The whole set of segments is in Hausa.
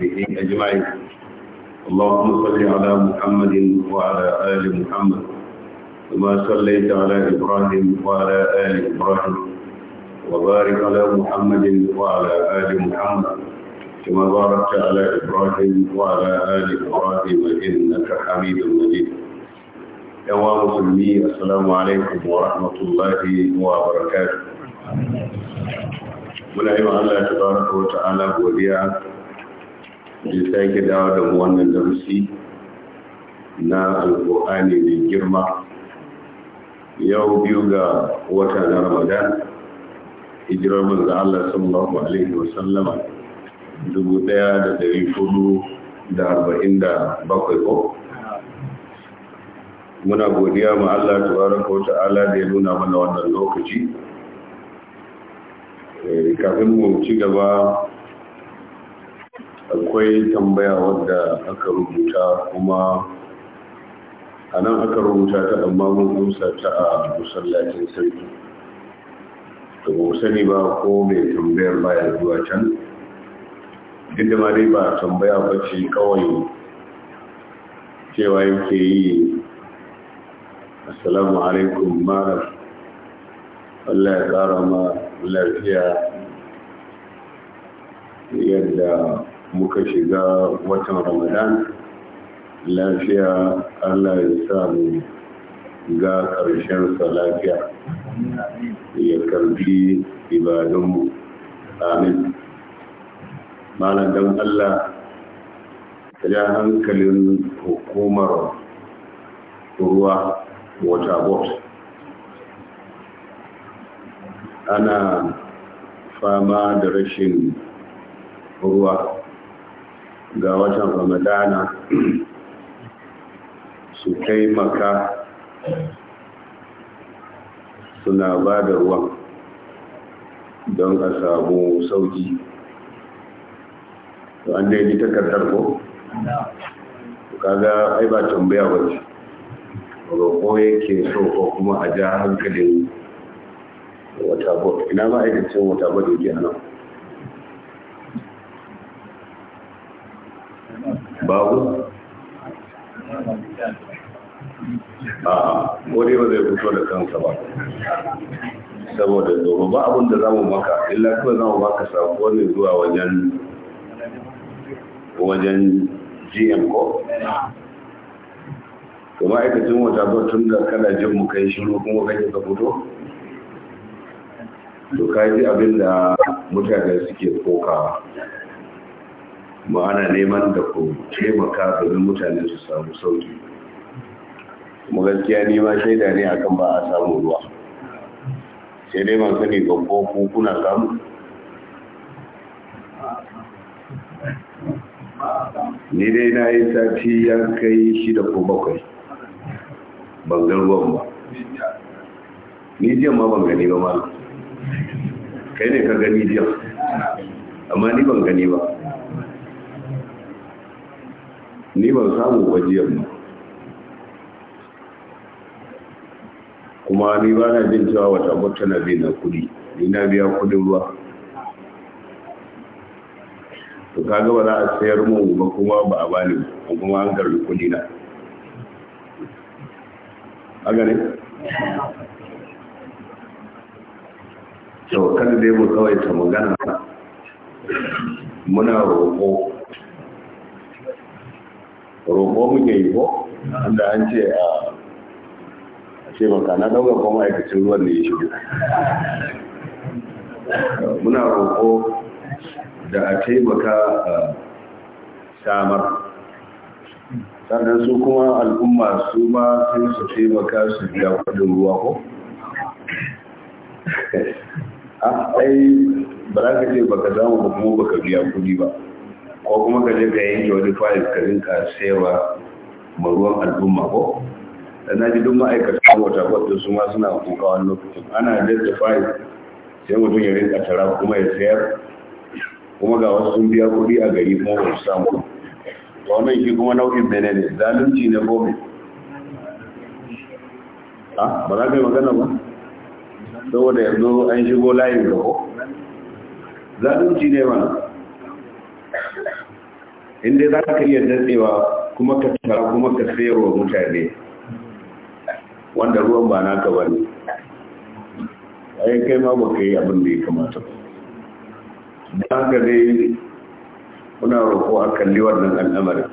به أجمعين اللهم صل على محمد وعلى آل محمد كما صليت على إبراهيم وعلى آل إبراهيم وبارك على محمد وعلى آل محمد كما باركت على إبراهيم وعلى آل إبراهيم إنك حميد مجيد يا مسلمي السلام عليكم ورحمة الله وبركاته muna yi wa Allah ta baraka ya sake dawo da wannan darasi na alƙur'ani mai girma yau biyu ga wata na ramadan hijirar manzo Allah sallallahu alaihi wa sallama dubu ɗaya da dari hudu da arba'in da bakwai ko muna godiya ma Allah tabaraka wa ta'ala da ya nuna mana wannan lokaci eh, kafin mu ci gaba akwai tambaya wadda aka rubuta kuma a nan aka rubuta ta amma mun rusa ta a musallacin sarki da ba sani ba ko mai tambayar ya zuwa can duk da ma dai ba tambaya ba ce kawai cewa yake yi assalamu alaikum mara Allah ya tsara ma lafiya yadda muka shiga watan ramadan lafiya allah ya samu ga ƙarshensa lafiya ya karbi ibadunmu amin malam don allah ya hankalin hukumar ruwa water board ana fama da rashin ruwa ga watan ramadana su taimaka suna ba da ruwan don a samu sauki to an daidai takardar ko? kaga ai ba tambaya ba ce roƙo yake so ko kuma a ja hankalin wata ba ina ma'aikacin wata ba yake a nan babu a kodai ba zai fito da kansa ba saboda domin ba abin da za mu maka illa kuma za mu maka sako ne zuwa wajen wajen gm ko to ma'aikacin wata ba tun da kana jin mu kai shiru kuma kake ka fito to ka ji abin da mutane suke kokawa ba ana neman da ku taimaka domin mutane su samu sauki kuma gaskiya ni ma shaida ne akan ba a samu ruwa sai dai ban sani ga koko kuna samu ni dai na yi sati ya kai shida ko bakwai ban ruwan ba ni jiyan ma ban gani ba ma kai ne ka gani jiyan amma ni ban gani ba ni ban samu gajiyar ba kuma ni ba na jin cewa wata mutu na na kudi ni na biya kudin ruwa to kaga ba za a sayar mun ba kuma ba a bani ba kuma an garbi kudi na haka ne to kada dai mu kawai ta magana muna roƙo roƙo muke yi ko inda an ce ah, a ce baka na ɗaukar kuma aikacin ruwan da ya shigo muna roƙo da a taimaka a ah, samar sannan su kuma al'umma su ma sun su taimaka su biya kudin ruwa ko? a ah, ɗai ba za ka ce baka zama ba kuma baka biya kudi ba ko kuma ka je ka yanke wani fayil ka rinka sayarwa ma ruwan al'umma ko da na ji ma'aikata ma'aikatan wata kwatsun su ma suna kuka wani lokacin ana da fayil sai mutum ya rinka tara kuma ya sayar kuma ga wasu sun biya kuɗi a gari kuma ba su samu to wannan shi kuma nau'in bene ne zalunci ne ko a ah, ba za ka yi magana ba saboda yanzu an shigo layin gabo zalunci ne mana inda za ka iya datsewa kuma ka tara kuma ka sayarwa mutane wanda ruwan ba naka ba ne ayin kai ma ba ka yi abin da ya kamata ba don haka dai kuna roƙo a kalli wannan al'amarin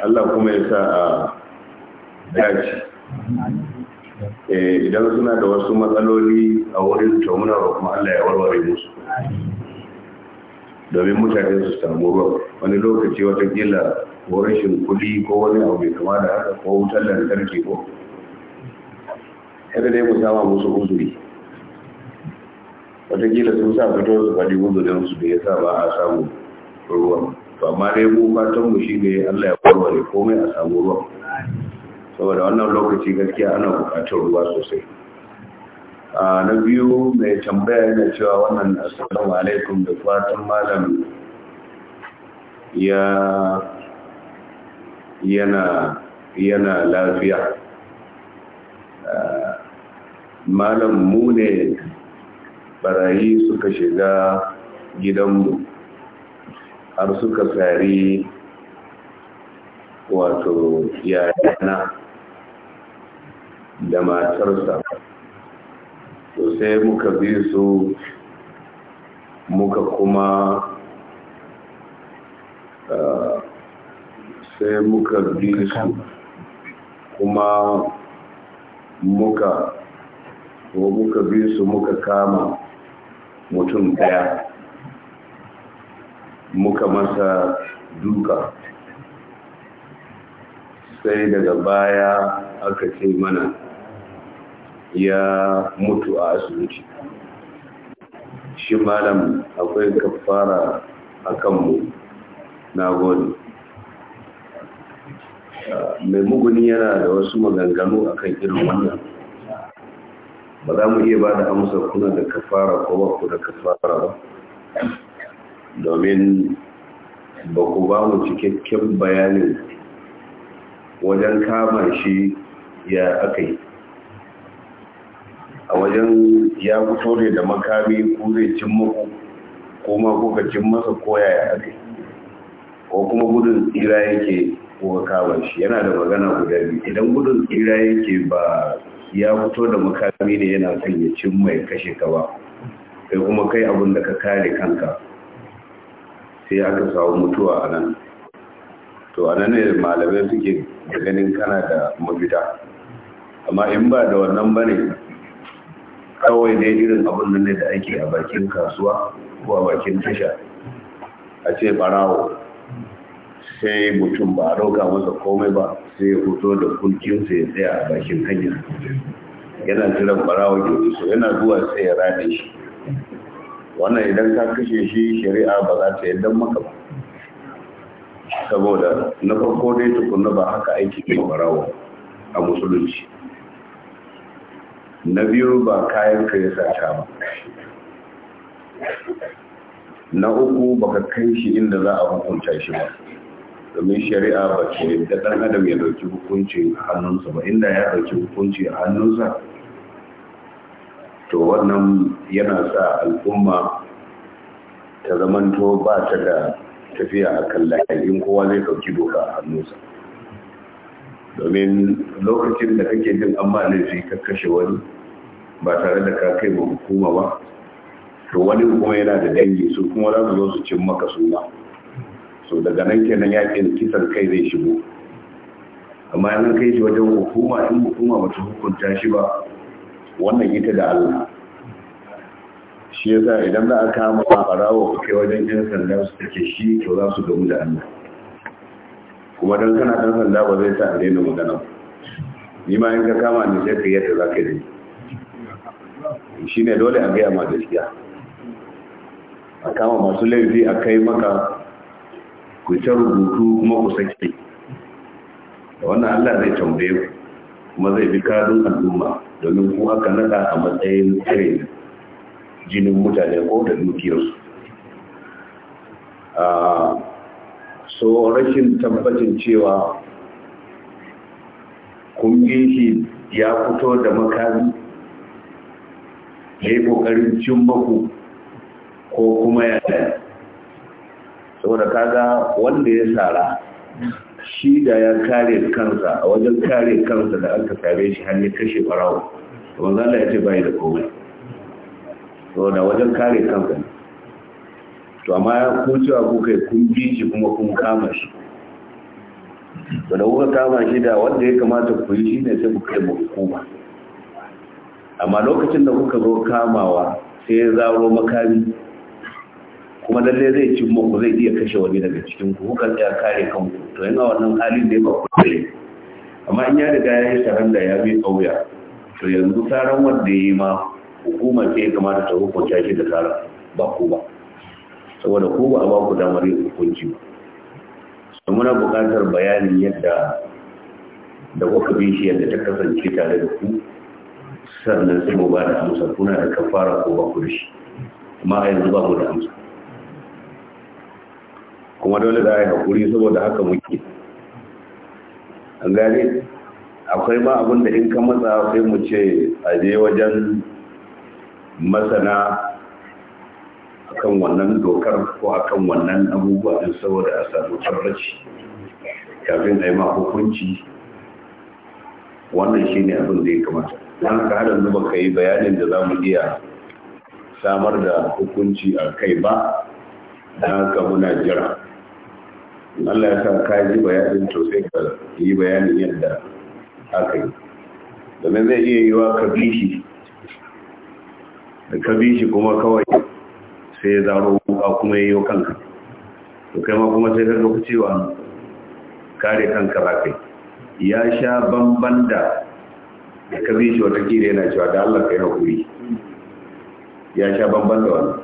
Allah kuma ya sa a daji eh, idan suna da wasu matsaloli a wurin to muna roƙon Allah ya warware musu domin mutane su samu ruwa wani lokaci watakila ko rashin kudi ko wani abu mai kama da haka ko wutar lantarki ko haka dai mu sama musu uzuri watakila sun sa fito su faɗi su da ya sa ba a samu ruwa to amma dai mu fatan mu shi ne Allah ya ne komai a samu ruwa saboda wannan lokaci gaskiya ana buƙatar ruwa sosai na biyu mai tambaya yana cewa wannan assalamu alaikum da fatan malam ya yana yana lafiya malam mu ne barayi suka shiga gidanmu har suka tsari wato yayana da matarsa to sai muka bi su muka kuma eh, sai muka bi su kuma muka ko muka bi su muka kama mutum daya muka masa duka sai daga baya aka ce mana ya mutu a asibiti shi malam akwai kafara a kanmu na gode mai muguni yana da wasu maganganu a kan irin wannan ba za mu iya ba da amsa kuna da kafara ko ba ku da kafara ba domin ba ku ba mu cikakken bayanin wajen kama shi ya aka yi a wajen ya fito ne da makami ku zai cin muku ko ma kuka cin masa koyaya a kai ko kuma gudun tsira yake kuka kama shi yana da magana guda biyu idan gudun tsira yake ba ya fito da makami ne yana son ya cin mai kashe ka ba kai kuma kai abin da ka kare kanka sai aka samu mutuwa a nan to a nan ne malamai suke da ganin kana da mafita amma in ba da wannan bane kawai dai irin abin nan ne da ake a bakin kasuwa ko a bakin tasha a ce barawo sai mutum ba a roka masa komai ba sai ya fito da kulkinsa ya tsaya a bakin hanya yana jiran barawo ke so yana zuwa sai ya rade shi wannan idan ka kashe shi shari'a ba za ta yadda maka ba saboda na farko dai tukunna ba haka aiki ke barawo a musulunci na biyu ba kayan ka ya sata ba na uku baka kai shi inda za a hukunta shi ba domin shari'a ba ce da ɗan adam ya ɗauki hukunci a hannunsa ba inda ya ɗauki hukunci a hannunsa to wannan yana sa al'umma ta zamanto ba ta da tafiya a kan in kowa zai ɗauki doka a hannunsa domin lokacin da kake jin an ba laifi ka kashe wani ba tare da ka kai ba hukuma ba to wani kuma yana da dangi su kuma za su zo su cin maka suna so daga nan kenan yakin kisan kai zai shigo amma yana kai shi wajen hukuma in hukuma ba ta hukunta shi ba wannan ita da allah shi yasa idan za a kama a rawo kai wajen yan sanda su take shi to za su gamu da allah kuma don kana ɗan sanda ba zai sa a daina magana ba ni ma in ka kama ni sai ka yadda za ka yi shi ne dole a gaya ma gaskiya a kama masu laifi a kai maka ku ta rubutu kuma ku sake wannan allah zai tambaye ku kuma zai bi kadin al'umma domin ku aka naɗa a matsayin tsare jinin mutane ko da dukiyarsu ah, so rashin tabbacin cewa kun shi ya fito da makami ya yi ƙoƙarin cin baku ko kuma ya ɗaya saboda kaga wanda ya tsara shi da ya kare kansa a wajen kare kansa da aka tsare shi hannu kashe farawa wanzan da ya ce bayi da komai saboda wajen kare kansa ne to amma ku cewa ku kai kun bi shi kuma kun kama shi to da kuka kama shi da wanda ya kamata ku yi shine sai ku kai hukuma amma lokacin da kuka zo kamawa sai ya zaro makami kuma lalle zai ci muku zai iya kashe wani daga cikin ku kuka tsaya kare kanku to yana wannan halin da ya ba ku amma in ya riga ya yi saranda ya bi kauya to yanzu tsaron wanda ya yi ma hukuma ce kamata ta hukunta shi da tsaron ba ku ba saboda ko ba a ba ku damar yin hukunci ba muna buƙatar bayanin yadda da kuka bi shi yadda ta kasance tare da ku sannan sai mu ba da amsa kuna da kafara ko ba ku da shi amma a yanzu ba mu da amsa kuma dole za a yi haƙuri saboda haka muke an gane akwai ma abin da in ka matsa sai mu ce a je wajen masana akan wannan dokar ko akan wannan abubuwa din saboda a samu tabbaci kafin a yi ma hukunci wannan shi ne abin da ya kamata don ka hada zuba ka yi bayanin da za mu iya samar da hukunci a kai ba don haka muna jira Allah ya sa ka ji bayanin to sai ka yi bayanin yadda aka yi domin zai iya yiwa ka bi shi da ka shi kuma kawai sai ya zaro wuka kuma ya yi kanka to kai ma kuma sai ka ga cewa kare kanka ba kai ya sha bamban da da ka bi shi wata kira yana cewa da Allah kai hakuri ya sha bamban da wannan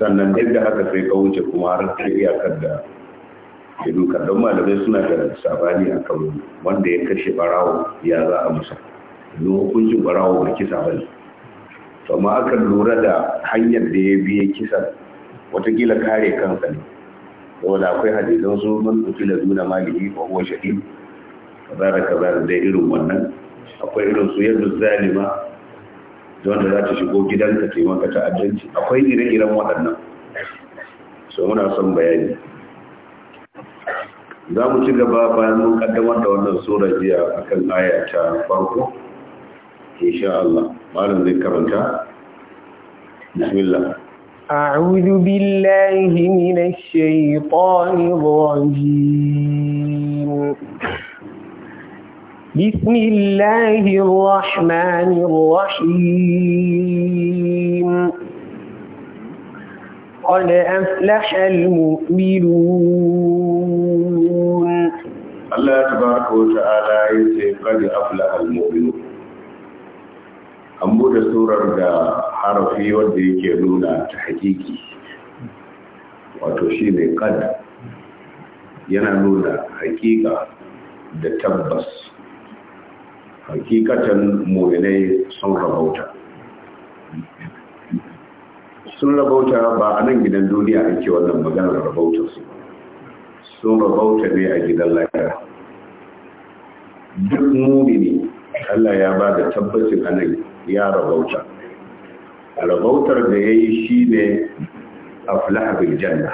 sannan duk da haka sai ka wuce kuma har sai iyakar da ya duka don malamai suna da sabani a kan wanda ya kashe barawo ya za a musa domin hukuncin barawo ba kisa bane to amma aka lura da hanyar da ya biye kisan watakila kare kansa ne saboda akwai hadisan su man kutila duna malihi wa huwa shahid kaza da kaza da dai irin wannan akwai irin su yadda zalima da wanda za ta shigo gidanka ta yi maka ta'addanci akwai ire-iren waɗannan so muna son bayani za mu ci gaba bayan mun kaddamar da wannan sura jiya akan aya ta farko insha Allah malam zai بسم الله أعوذ بالله من الشيطان الرجيم بسم الله الرحمن الرحيم قد أفلح المؤمنون الله تبارك وتعالى يقول قد أفلح المؤمنون an buɗe surar da harafi wanda yake nuna ta hakiki wato shi ne kad yana nuna hakika da tabbas hakikatan muminai sun rabauta sun rabauta ba a nan gidan duniya ake wannan maganar rabautarsu sun rabauta ne a gidan lafiya duk mumini Allah ya ba da tabbacin anan ya rabauta rabautar da ya yi shi ne aflaha bil janna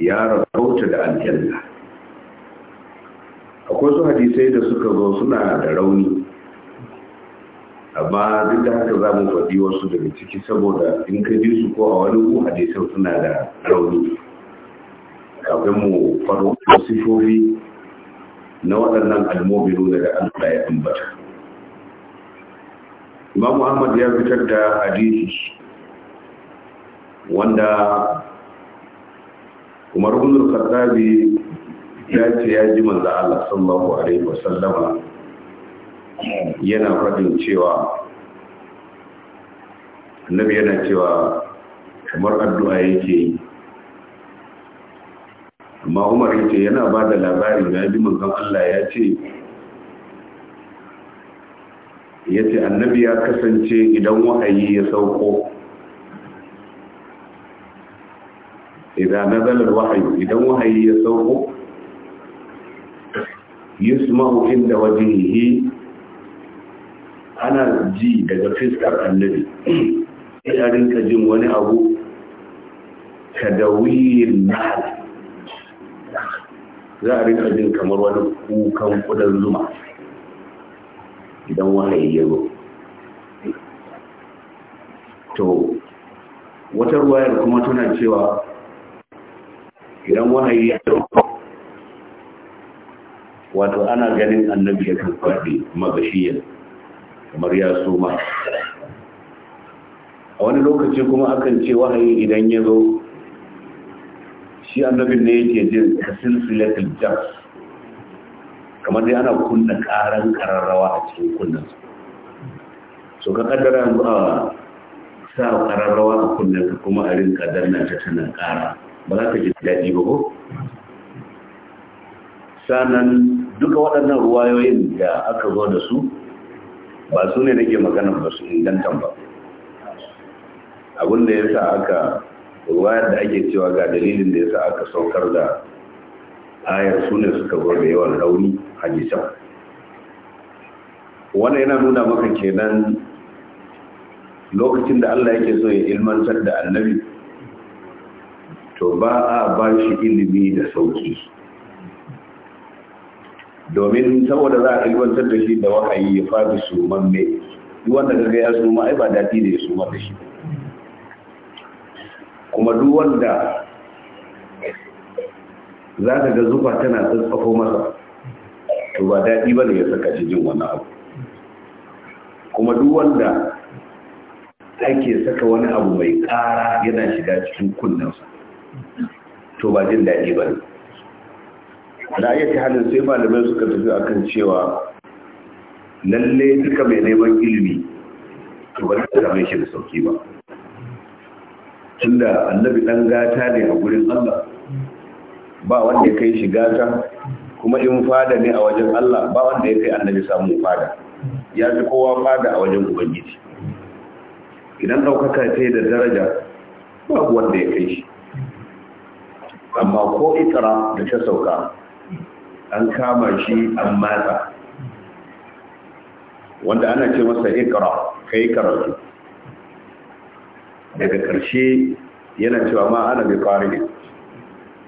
ya rabauta da aljanna akwai su hadisai da suka zo suna da rauni amma duk da haka za mu faɗi wasu daga ciki saboda in ka ji su ko a wani ku hadisai suna da rauni kafin mu faɗo sifofi na waɗannan almobinu daga Allah ya ambata imamu Muhammad ya fitar da hadisi wanda umar ibn khattabi ya ce ya ji manzo Allah sallallahu alaihi wasallama yana fadin cewa annabi yana cewa kamar addu'a yake yi amma umar yake yana ba da labarin ya ji manzon Allah ya ce ya ce annabi ya kasance idan wahayi ya sauko idan nazalar wa'ayi idan wa'ayi ya sauko yusmahu inda wajihihi ana ji daga fiskar annabi sai a rinka jin wani abu kadawiyin nahal za a rinka jin kamar wani kukan kudan zuma idan wahayi ya zo to wata ruwayar kuma tana cewa idan wahayi ya zo wato ana ganin annabi ya kan faɗi magashiyar kamar ya ma a wani lokaci kuma akan ce wahayi idan ya zo shi annabin ne yake jin kasin silatul jams kamar dai ana kunna karan kararrawa a cikin kunnan su ka kaddara yanzu a sa kararrawa a kunnen ka kuma a rinka danna ta tana kara ba za ka ji daɗi ba ko sanan duka waɗannan ruwayoyin da aka zo da su ba su ne nake magana ba su ingantan ba da ya sa aka ruwayar da ake cewa ga dalilin da ya sa aka saukar da ayar su ne suka zo da yawan rauni hadisan wannan yana nuna maka kenan lokacin da Allah yake so ya ilmantar da annabi to ba a ba shi ilimi da sauki domin saboda za a ilmantar da shi da wahayi ya fadi suman mai wanda daga ya suma ai ba dadi da ya suma da shi kuma duk wanda za ka ga zufa tana tsaffafo masa to ba daɗi ba ne ya saka shi jin wani abu kuma duk wanda ake saka wani abu mai ƙara yana shiga cikin kunnensa to ba jin daɗi ba ne da ayyata halin sai malamai suka tafi a kan cewa lalle duka mai neman ilimi to ba da mai shi da sauki ba tunda annabi ɗan gata ne a gurin Allah ba wanda ya kai shi gata kuma in fada ne a wajen Allah ba wanda ya kai annabi samun fada ya fi kowa fada a wajen ubangiji idan ɗaukaka ce da daraja babu wanda ya kai shi amma ko ikara da ta sauka an kama shi an matsa wanda ana ce masa ikra kai karatu daga ƙarshe yana cewa ma ana bi ƙari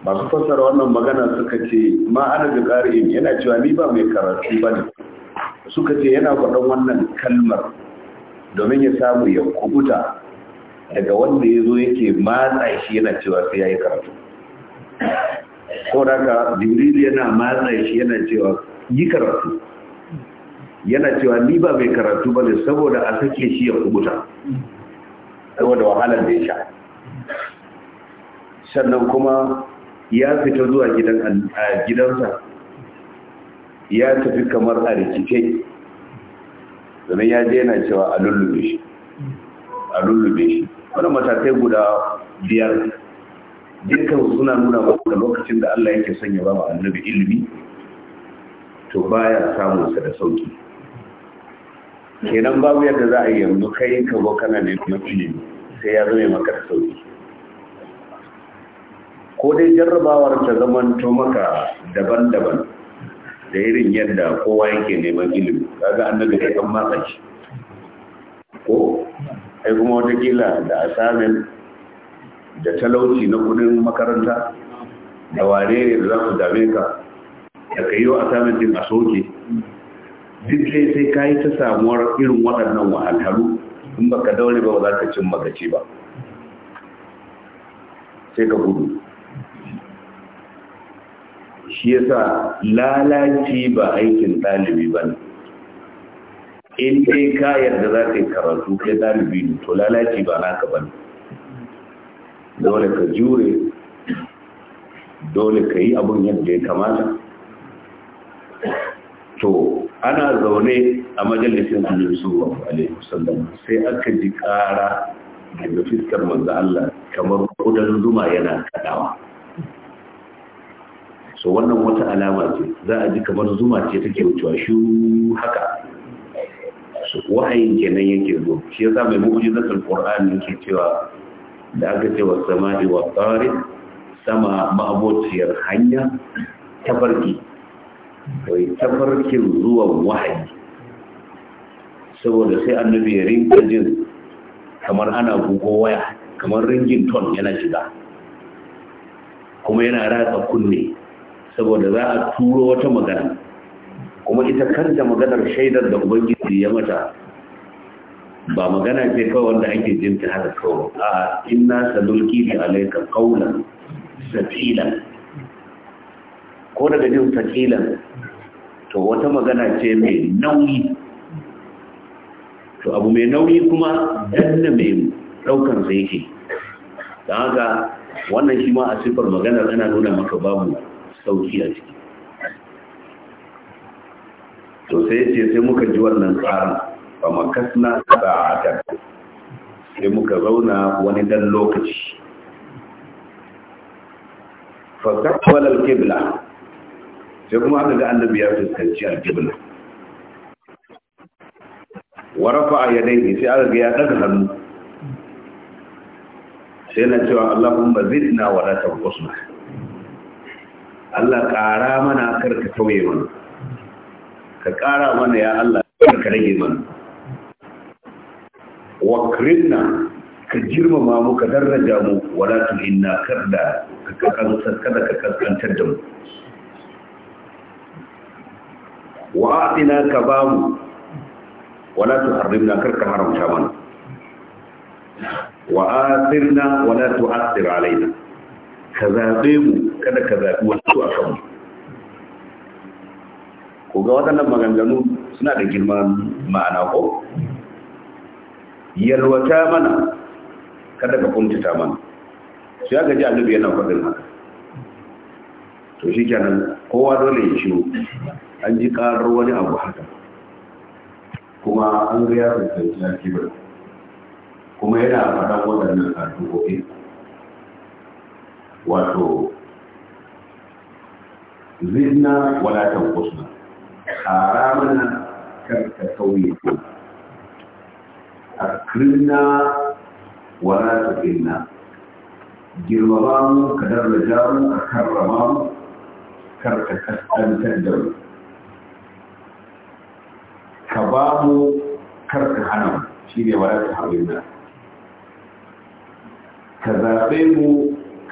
masu fassara wannan magana suka ce ma ana da ƙari'in yana cewa ni ba mai karatu ba ne suka ce yana faɗin wannan kalmar domin ya samu ya kubuta daga wanda ya zo yake matsa shi yana cewa sai ya yi karatu ko daga jibril yana matsa shi yana cewa yi karatu yana cewa ni ba mai karatu ba ne saboda a sake shi ya kubuta saboda wahalar da ya sha sannan kuma ya fita zuwa gidansa ya tafi kamar a rikice domin ya je yana cewa a lullube shi a lullube shi wani matakai guda biyar dukkan suna nuna ga lokacin da Allah yake sanya ba annabi ilimi to baya samunsa da sauki kenan babu yadda za a yi yanzu kai ka kana kana neman ilimi sai ya zama maka da sauki ko dai jarrabawar ta to maka daban-daban da irin yadda kowa yake neman ilimi kaga annabi kai kan matsa shi ko ai kuma wata kila da asamin da talauci na kudin makaranta da wane ne da za ku dame ka da ka yi wa asamin din a soke duk sai sai ka yi ta samuwar irin waɗannan wahalhalu in ba ka daure ba ba za ka cin magaci ba sai ka gudu shi yasa lalaci ba aikin ɗalibi ba ne in dai ka yarda za ka karatu kai ɗalibi ne to lalaci ba ka ba dole ka jure dole ka yi abin yadda ya kamata to ana zaune a majalisin annabi alaihi wasallam sai aka ji ƙara daga fiskar manzo Allah kamar kudan zuma yana kadawa so wannan wata alama ce za a ji kamar zuma ce take wucewa shi haka so wahayin kenan yake zo shi yasa mai na qur'ani yake cewa da aka ce wa sama'i wa tsari sama ma'abociyar hanya farki. wai tafarkin zuwan wahayi saboda sai annabi ya rinka jin kamar ana gugo waya kamar ringin ton yana shiga kuma yana ratsa kunne saboda za a turo wata magana kuma ita kanta maganar shaidar da ubangiji ya mata ba magana ce kawai wanda ake jinta haka kawai a inna sadulki da alaika kaunan safilan ko daga jin safilan to wata magana ce mai nauyi to abu mai nauyi kuma danna mai daukan zai ke. don haka wannan shi ma a siffar maganar ana nuna maka babu sauki a ciki to sai ce sai muka ji wannan tsarin ba makasna sa'ata sai muka zauna wani dan lokaci fasakwalar alkibla sai kuma aka ga annabi ya fuskanci alkibla warafa a yanayi sai aka ga ya ɗaga hannu sai na cewa allahumma zidna wa la tanqusna Allah ƙara mana karka tauye mana ka ƙara mana ya Allah karka rage mana wakrinna ka girmama mu ka daraja mu wala tulinna kada ka kada ka kaskantar da mu wa atina ka ba mu wala tuharrimna karka haramta mana wa athirna wala tu'athir alaina ka zaɓe mu kada ka zaɓi wasu a kanmu ko ga waɗannan maganganu suna da girman ma'ana ko yalwata mana kada ka kuntata mana su ya gaji annabi yana faɗin haka to shi kenan kowa dole ya ciwo an ji ƙarar wani abu haka kuma an ga ya fuskanci ya kibar kuma yana faɗan waɗannan addu'o'i wato زدنا ولا تنقصنا حرامنا كرك تويتنا أكرمنا ولا تقلنا جرمضان كدر لجار أكرمان كرك كسان تندر كباب كرك حنم شيري ولا تحرمنا كذابين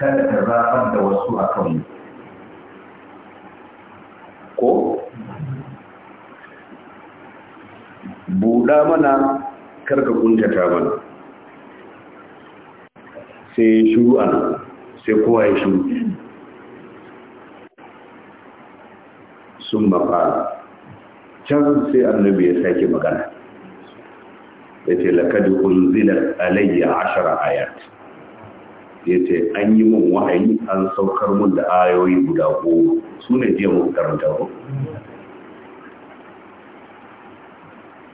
كذا قد وصل أكرمنا ko buɗa mana karka kuntata mana sai shuru ana sai kowa ya shuru sun mafara can sai annabi ya sake magana ya ce lakadu zilar alayya ashara ayat ya ce an yi mun wahayi an saukar mun da ayoyi guda goma su ne jiya mun karanta ba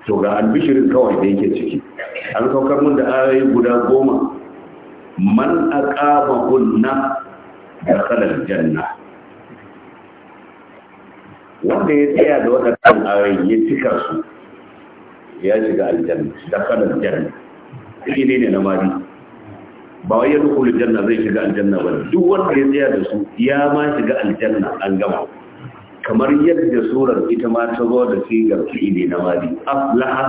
to ga albishirin kawai da yake ciki an saukar mun da ayoyi guda goma man aqama hunna da kalal janna wanda ya tsaya da waɗannan ayoyi ya cika su ya shiga aljanna da kalal janna ne na mari ba wai ya dukulu janna zai shiga aljanna ba duk wanda ya tsaya da su ya ma shiga aljanna an gama kamar yadda surar ita ma ta zo da sigar fi'ili na mali aflaha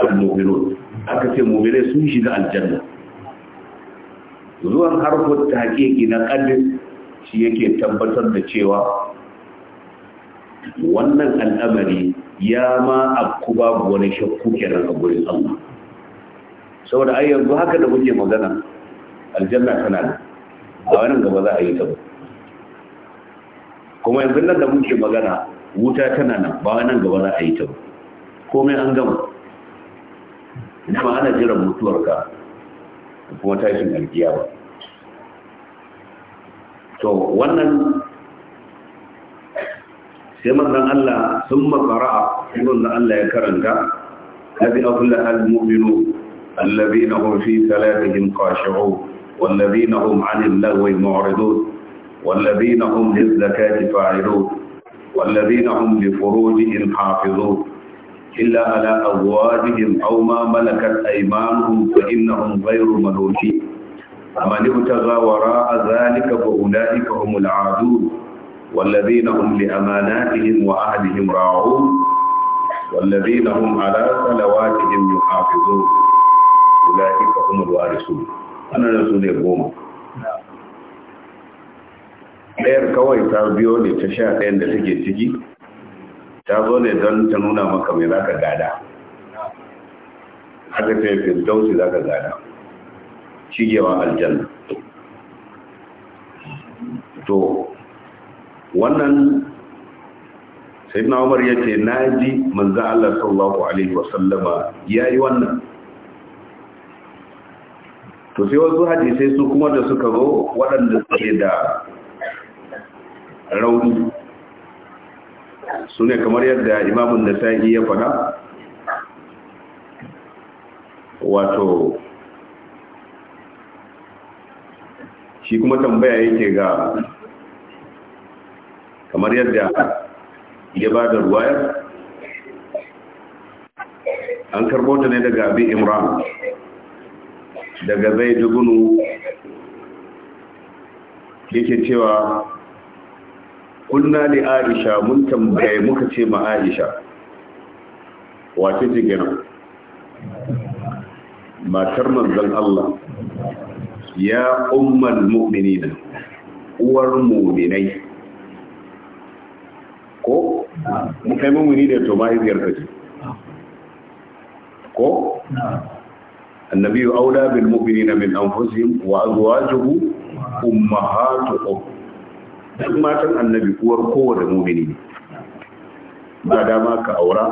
al-mu'minun aka ce mu'minai sun shiga aljanna zuwan ta haƙiƙi na kadin shi yake tabbatar da cewa wannan al'amari ya ma abku babu wani shakku kenan a gurin Allah saboda ai yanzu haka da kuke magana aljanna tana da a wannan gaba za a yi ta ba kuma yanzu nan da muke magana wuta tana nan ba wannan gaba za a yi ta ba komai an gama kuma ana jiran mutuwarka kuma tashin ba to wannan sai manzon Allah sun makara abin da Allah ya karanta na bi abin da al-mu'minu الذين هم في صلاتهم خاشعون والذين هم عن اللغو معرضون والذين هم للزكاة فاعلون والذين هم لفروجهم حافظون إلا على أزواجهم أو ما ملكت أيمانهم فإنهم غير ملوكين فمن ابتغى وراء ذلك فأولئك هم العادون والذين هم لأماناتهم وأهلهم راعون والذين هم على صلواتهم يحافظون ulaika su ne goma ɗayar kawai ta biyo ne ta sha ɗayan da take ciki ta zo ne don ta nuna maka mai zaka gada aka ce dausi zaka gada shigewa aljanna to wannan sai na umar ya ce na ji manzan Allah sallallahu Alaihi wasallama ya yi wannan to sai wasu hadisai su kuma da suka zo waɗanda suke da rauni su ne kamar yadda imamun da sa'i ya faɗa wato shi kuma tambaya yake ga kamar yadda ya ba da ruwayar an karbo ta ne daga abin imran daga zai dubunu yake cewa kunna li aisha mun tambaye muka ce ma aisha wace ce gina matar manzon Allah ya ummal mu'minina uwar mu'minai ko mu kai mu'mini da to ba ka ce ko annabi aula bil mu'minina min anfusihim wa azwajuhu ummahatuhum duk matan annabi uwar kowane mu'mini ne ba dama ka aura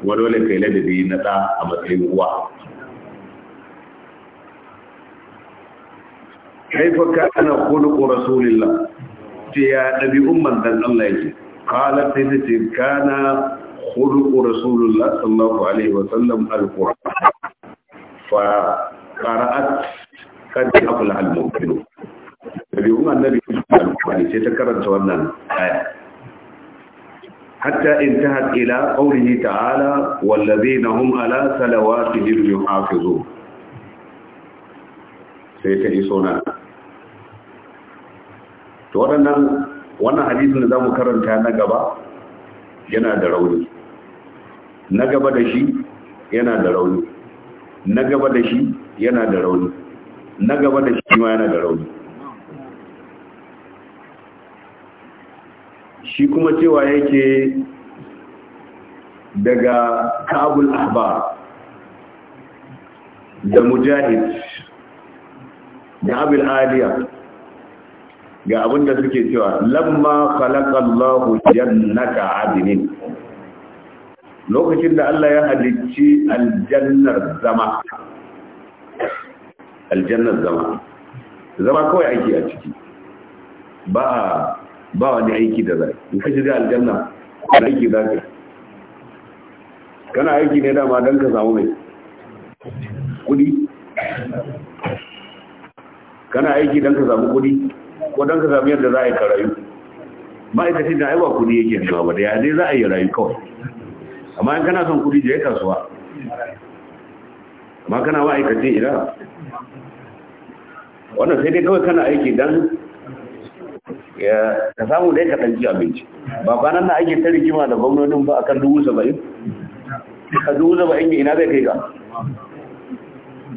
kuma dole kai ladabi na ɗa a matsayin uwa Haifar ka ana kana khuluqu rasulillah ce ya ɗabi'un manzon Allah yake Kala sai ta ce kana khuluqu rasulullah sallallahu alaihi wa sallam alquran فقرأت قد أفلح المؤمنون نبيهم النبي القرآن سيتكرر سؤالنا آية حتى انتهت إلى قوله تعالى والذين هم على صلواتهم يحافظون سيتئسونا waɗannan wannan hadisin da za mu karanta na gaba yana da rauni na gaba da shi yana da rauni na gaba da shi yana da rauni na gaba da shi ma yana da rauni shi kuma cewa yake daga kabul ahba da mujahid da abin aliya ga abinda suke cewa lamma khalaqallahu jannata adnin lokacin da Allah ya halicci aljannar zama aljannar zama zama kawai aiki a ciki ba ba wani aiki da zai in kashi da aljanna wani aiki za ka kana aiki ne dama don ka samu mai kudi kana aiki don ka samu kudi ko don ka samu yadda za a yi ka rayu ma'aikacin da aiwa kudi yake zuwa ba da ya za a yi rayu kawai amma in kana son kudi je kasuwa amma kana ma'aikaci ina wannan sai dai kawai kana aiki dan ka samu dai ka ɗanci abinci ba kwanan na ake ta rikima da gwamnonin ba akan dubu saba'in a dubu saba'in ina zai kai ka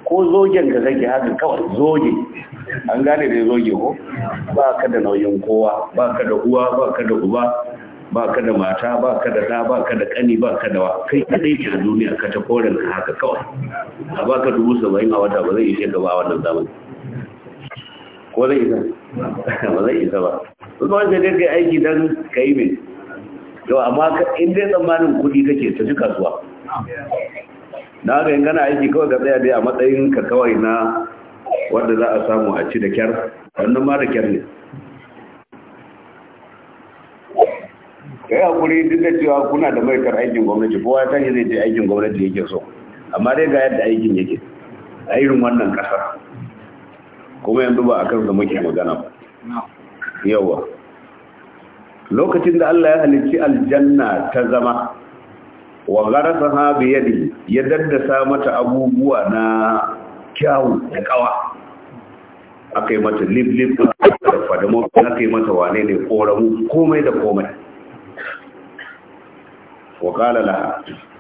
ko zogen ka zage haka kawai zoge an gane da zoge ko ba ka da nauyin kowa ba ka da uwa ba ka da uba ba ka da mata ba ka da ɗa ba ka da ƙani ba ka da wa kai kaɗai ke a duniya ka ta koren ka haka kawai a ba ka dubu saba'in a wata ba zai ishe gaba a wannan zamani ko zai isa ba zai isa ba su zuwa sai dai aiki don ka yi mai yau amma in dai tsammanin kuɗi kake tafi kasuwa na ga in kana aiki kawai ka tsaya dai a matsayin ka kawai na wanda za a samu a ci da kyar wannan ma da kyar ne kai hakuri duk da cewa kuna da maitar aikin gwamnati kowa ya sani zai je aikin gwamnati yake so amma dai ga yadda aikin yake a irin wannan kasar kuma yanzu ba a kan da muke magana ba yawa lokacin da Allah ya halicci aljanna ta zama wa ha bi yadi ya daddasa mata abubuwa na kyawu da kawa akai mata lip lip da fadamo akai mata wane ne koramu komai da komai wa qala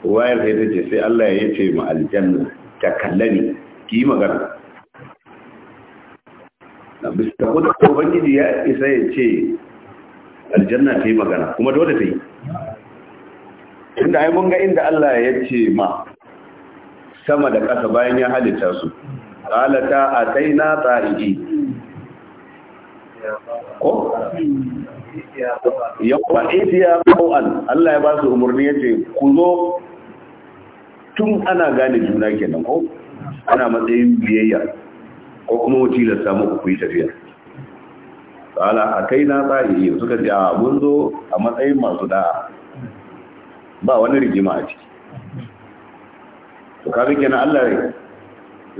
wayar ruwayar sai ta ce sai Allah ya ce ma aljanna ta kallani ki magana na bista ko da ubangiji ya isa ya ce aljanna ta yi magana kuma dole ta yi inda ai mun ga inda Allah ya ce ma sama da ƙasa bayan ya halitta su qalata ataina ta'idi ko yawa itiya qaw'an Allah ya ba su umarni ya ce ku zo tun ana gane juna kenan ko ana matsayin biyayya ko kuma wutilar samu ku yi tafiya tsala a kai na tsari suka ce a mun zo a matsayin masu da'a ba wani rigima a ciki to kaga kenan Allah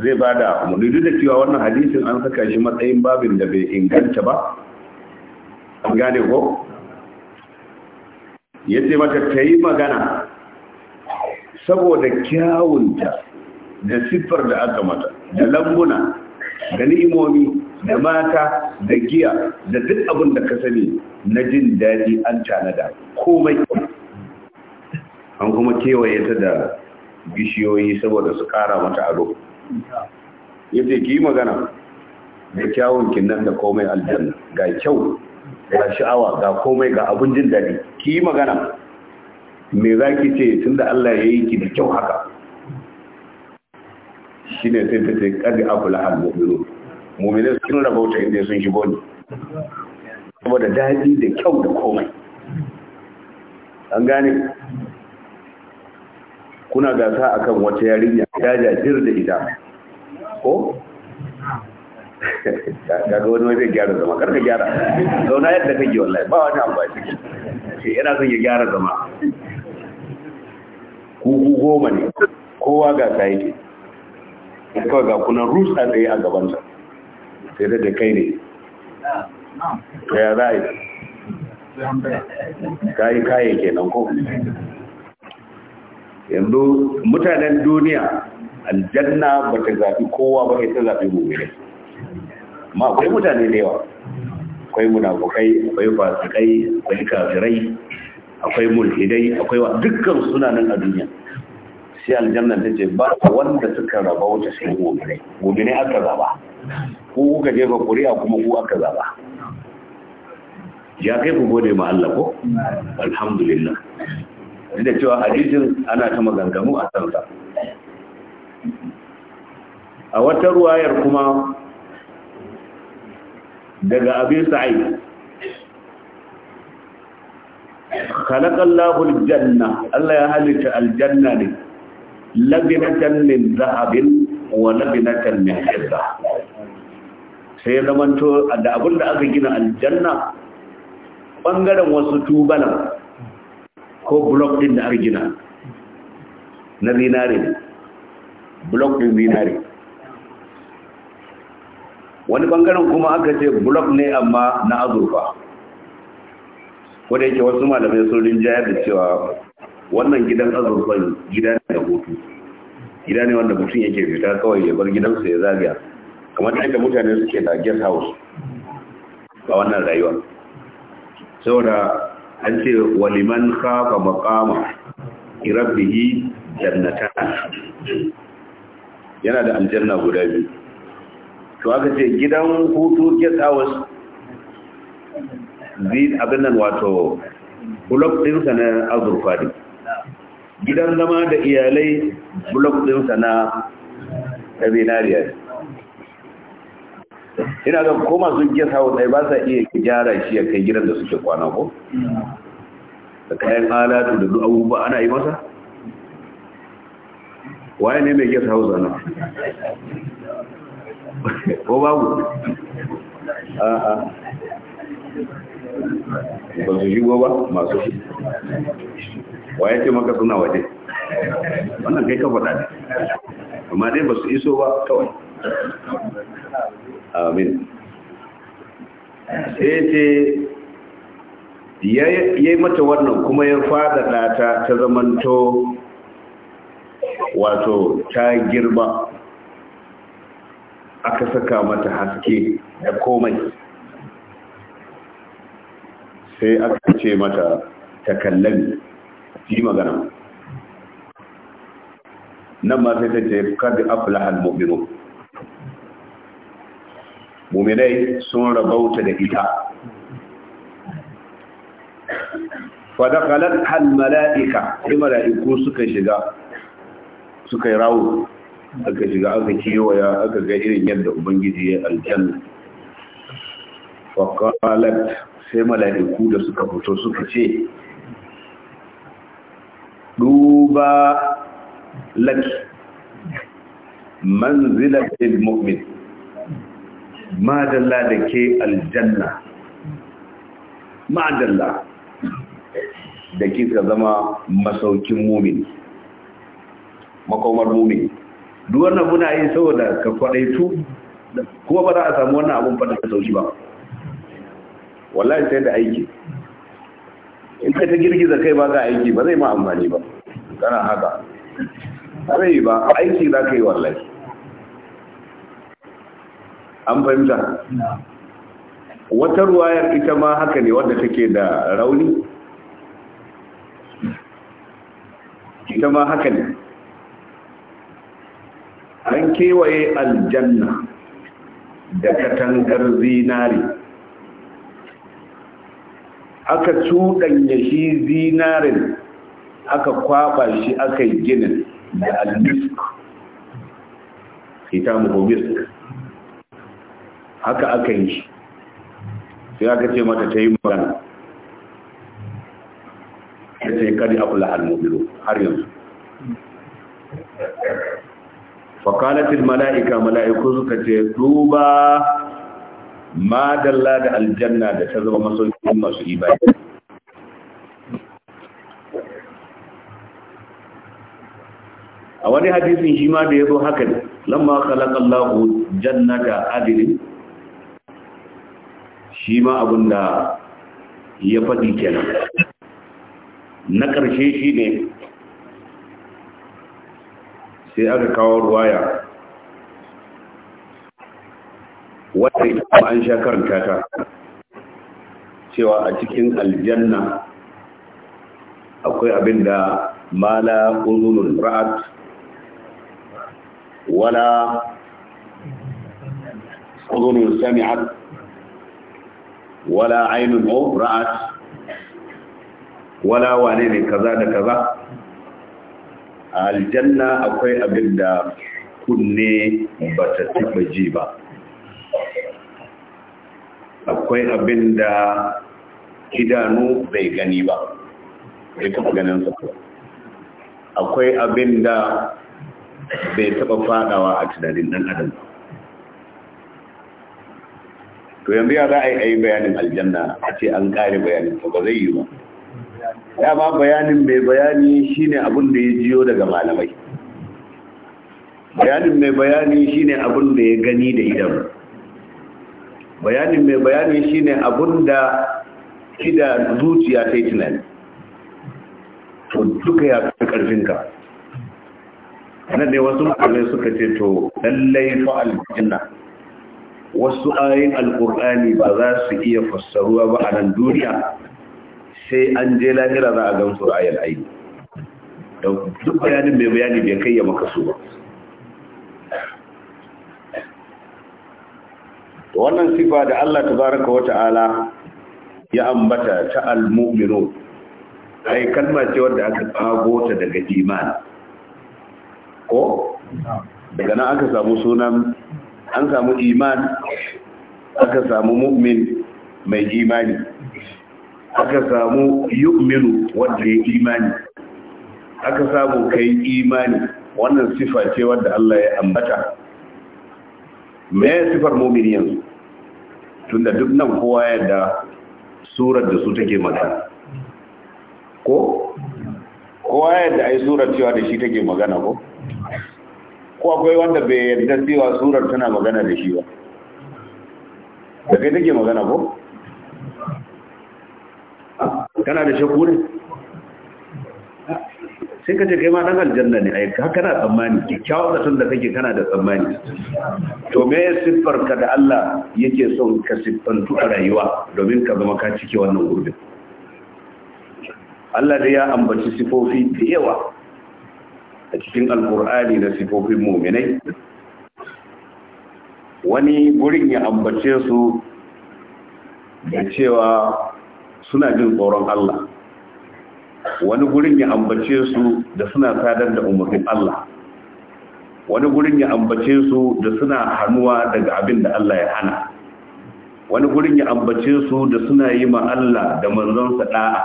zai da umarni duk da cewa wannan hadisin an saka shi matsayin babin da bai inganta ba an gane ko ya mata ta magana saboda kyawunta da siffar da aka mata da lambuna da ni'imomi da mata da giya da duk abin da ka sani na jin daji an tanada komai an kuma kewaye ta da bishiyoyi saboda su kara mata ado yace ki yi magana da kyawunkin nan da komai aljanna ga kyau ga sha'awa ga komai ga abin jin daɗi ki yi magana me za ki ce tun da Allah ya yi ki da kyau haka shi ne sai ta ce ƙadi abula a mummuru mummuru sun rabauta inda sun shigo ne saboda daɗi da kyau da komai an gane kuna gasa akan wata yarinya daja jir da ita ko kaga wani zai gyara zama karka gyara zauna yadda yi wallahi ba wani amfani a ciki yana son ya gyara zama kuku goma ne kowa ga ka yake kawai ga kunan rusa tsaye a gabanta sai da kai ne ta ya za a yi kayi ke nan ko yanzu mutanen duniya aljanna ba ta zafi kowa ba ita zafi mu mummune amma akwai mutane da yawa akwai munafukai akwai fasikai akwai kafirai akwai mulhidai akwai wa dukkan suna nan a duniya sai aljanna ta ce ba wanda suka raba wata sai gobe gobe ne aka zaba ko kuka jefa kuri'a kuma ku aka zaba ya kai ku gode ma Allah ko alhamdulillah da cewa hadisin ana ta maganganu a sansa a wata ruwayar kuma daga abin sa'id khalaqallahu janna. Allah ya halitta aljanna ne labinatan min zahabin wa labinatan min fidda sai to da abin da aka gina aljanna bangaren wasu tubalan ko block din da aka gina na zinare block din zinare wani bangaren kuma aka ce block ne amma na azurfa wadda ke wasu malamai sun rinjayar da cewa wannan gidan azurfan gida ne da hutu gida ne wanda mutum yake fita kawai ya bar gidansa ya zagaya kamar yadda mutane suke da guest house ba wannan rayuwa saboda an ce waliman kafa makama irabihi jannatan yana da aljanna guda biyu to aka ce gidan hutu get house zin abin nan wato blok ɗinsa na azurfa ne gidan zama da iyalai blok ɗinsa na zinariya ina ga ko masu get house ɗai ba sa iya gyara shi ya kai gidan da suke kwana ko da kayan alatu da duk ba ana yi masa waye ne mai get house a ko babu a'a ba su shigo ba masu shi wa ya ce maka suna waje wannan kai ka faɗa ne amma dai ba su iso ba kawai amin sai ce ya yi mata wannan kuma ya faɗaɗa ta ta zamanto wato ta girma aka saka mata haske da komai sai aka ce mata ta kallami yi magana nan ma sai ta ce kadi aflahal mu'minun mu'minai sun rabauta da ita fadakalar hal mala'ika sai mala'iku suka shiga suka yi rawo aka shiga aka kewaya aka ga irin yadda ubangiji ya aljanna faƙalat sai mala'iku da suka fito suka ce duba laki manzilar mu'min madalla da ke aljanna madalla da kika zama masaukin mumin makomar mumin duk wannan muna yi saboda ka kwadaitu kuma ba za a samu wannan abun fada da sauki ba wallahi sai da aiki in ka ta girgiza kai ba za aiki ba zai ma amfani ba kana haka zai ba aiki za ka yi wallahi an fahimta wata ruwayar ita ma haka ne wadda take da rauni ita ma haka ne an kewaye aljanna da katangar zinari aka cuɗanya shi zinarin aka kwaɓa shi aka yi ginin da almisk ita muhumisk haka aka yi shi sai aka ce mata ta yi magana ya ce kari abu la'almubiru har yanzu Wakalatin mala'ika mala'iku suka ce duba ma da aljanna da ta zama masaukin masu ibadi a wani hadisin shi ma da ya zo haka ne lamma kalakallahu jannata adilin shi ma abinda ya faɗi kenan na ƙarshe shi ne sai aka kawo ruwaya wata ita an sha karanta ta cewa a cikin aljanna akwai abin da mala uzunul ra'at wala uzunul sami'at wala ainun ra'at wala wane ne kaza da kaza a aljanna akwai abin da kunne ba ta taba ji ba akwai abin da idanu bai gani ba bai taba ganin ba. akwai abin da bai taɓa fadawa a tunanin dan adam to yanzu ya za a yi bayanin aljanna a ce an kare bayanin ba zai yi ba ba bayanin mai bayani shine abin da ya jiyo daga malamai bayanin mai bayani shine abin da ya gani da idan bayanin mai bayani shine abin da ida zuciya ta yi tunani to duka ya fi karfinka Na ne wasu malamai suka ce to lallai fa aljanna wasu ayin alkur'ani ba za su iya fassaruwa ba a nan duniya sai an je lahira za a gan su ra'ayar aini duk bayanin mai bayani bai kai ya maka su ba wannan sifa da Allah baraka wa ta'ala ya ambata ta al-mu'minu ai kalma ce wanda aka tsago ta daga imani ko daga nan aka samu sunan an samu iman aka samu mu'min mai imani aka samu yu'minu wanda ya imani aka samu kai imani wannan sifa ce wanda Allah ya ambata me sifar mu'mini yanzu tunda duk nan kowa ya da surar da su take magana ko kowa ya da ai surar cewa da shi take magana ko ko akwai wanda bai yarda cewa surar tana magana da shi ba da kai take magana ko kana da shakku ne sai ka ce kai ma dan aljanna ne ai haka kana tsammani kikkiawar zaton da kake kana da tsammani to me siffar ka da Allah yake son ka siffantu a rayuwa domin ka zama ka cike wannan gurbin Allah da ya ambaci sifofi da yawa a cikin alkur'ani da sifofin muminai wani gurin ya ambace su da cewa suna jin tsoron Allah wani gurin ya ambace su da suna sadar da umarnin Allah wani gurin ya ambace su da suna hannuwa daga abin da Allah ya hana wani gurin ya ambace su da suna yi ma Allah da manzonsa da'a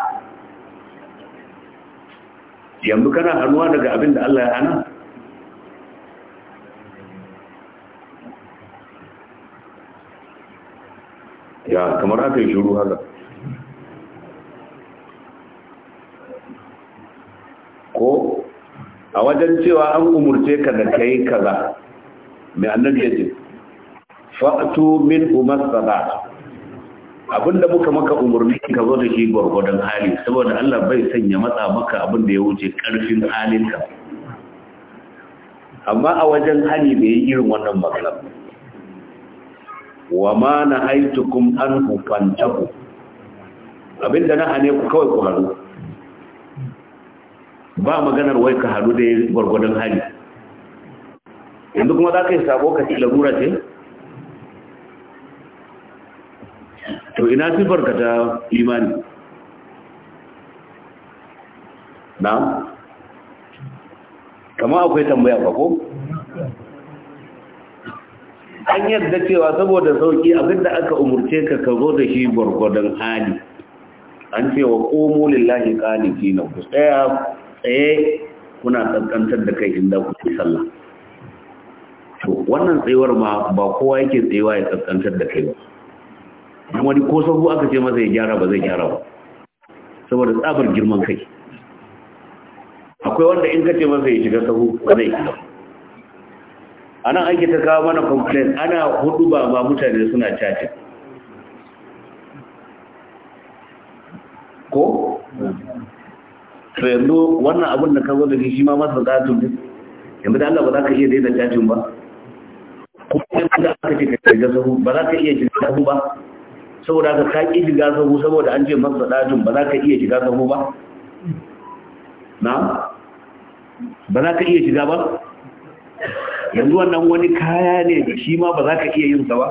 yanzu kana hannuwa daga abin da Allah ya hana ya kamar haka yi shuru haka ko a wajen cewa an umurce ka da kai kaza mai annabi yace fa'tu min umasada abinda muka maka umurni ka zo da shi gwargwadon hali saboda Allah bai sanya matsa maka abinda ya wuce karfin halinka amma a wajen hali bai yi irin wannan magana wa ma na haitukum an ku abinda na hane ku kawai ku haru ba maganar wai ka hadu da gwargwadon hali yanzu kuma za ka yi sabo ka ci larura ce to ina sifar ka ta imani na kama akwai tambaya ba ko an yadda cewa saboda sauki abinda aka umurce ka ka zo da shi gwargwadon hali an cewa komo lillahi ƙanifi na ku tsaya tsaye kuna tsakantar da kai inda ku sallah to wannan tsayuwar ma ba kowa yake tsayuwa ya tsakantar da kai ba amma wani ko sabu aka ce masa ya gyara ba zai gyara ba saboda tsabar girman kai akwai wanda in ka ce masa ya shiga sabu ba zai shiga anan aiki ta kawo mana complaint ana hudu ba ma mutane suna chatting to yanzu wannan abin da ka zo da shi shi ma masa zatun ne yanzu da Allah ba za ka iya daina cajin ba kuma yanzu da aka ce ka shiga sahu ba za ka iya shiga sahu ba saboda ka ka ƙi shiga sahu saboda an ce masa zatun ba za ka iya shiga sahu ba na ba za ka iya shiga ba yanzu wannan wani kaya ne shi ma ba za ka iya yin sa ba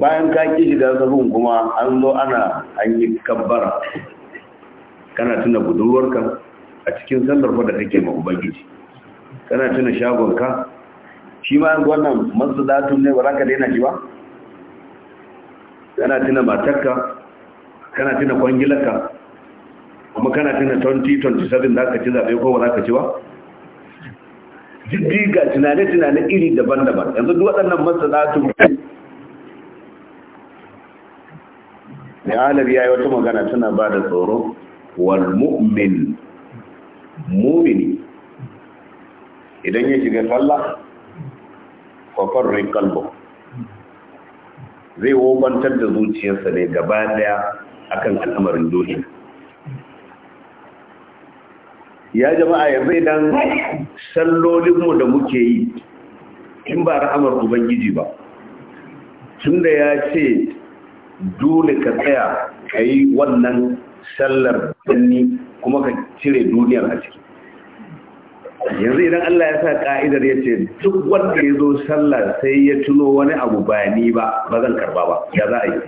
bayan ka ki shiga sabon kuma an zo ana an yi kabbara kana tuna budurwarka a cikin sallar fa da kake ma ubangiji kana tuna shagonka shi ma wannan masdatun ne ba za ka daina shi ba kana tuna matarka kana tuna kwangilarka kuma kana tuna 2027 da ka ci zaɓe ko ba za ka ci ba jirgi ga tunane-tunane iri daban-daban yanzu duk waɗannan masdatun mai ya yi wata magana tana ba da tsoro wal mu'min mumini idan ya shiga sallah kwakwar rai kalbo zai wobantar da zuciyarsa ne gaba daya akan al'amarin duniya ya jama'a yanzu idan sallolinmu da muke yi in ba ra'amar ubangiji ba tun da ya ce dole ka tsaya ka yi wannan sallar danni kuma ka cire duniyar a ciki yanzu idan Allah ya sa ka'idar ya ce duk wanda ya zo sallar sai ya tuno wani abu bayani ba ba zan karba ba ya za a yi